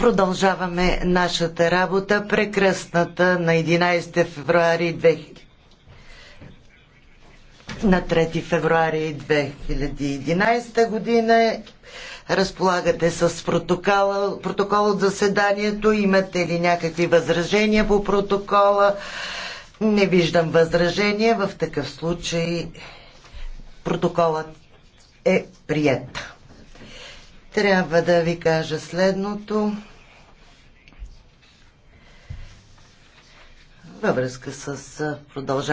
Продължаваме нашата работа, прекръсната на 11 февруари 2000 на 3 февруари 2011 година. Разполагате с протокола, протокол от заседанието. Имате ли някакви възражения по протокола? Не виждам възражения. В такъв случай протоколът е прият трябва да ви кажа следното. Във връзка с продължаването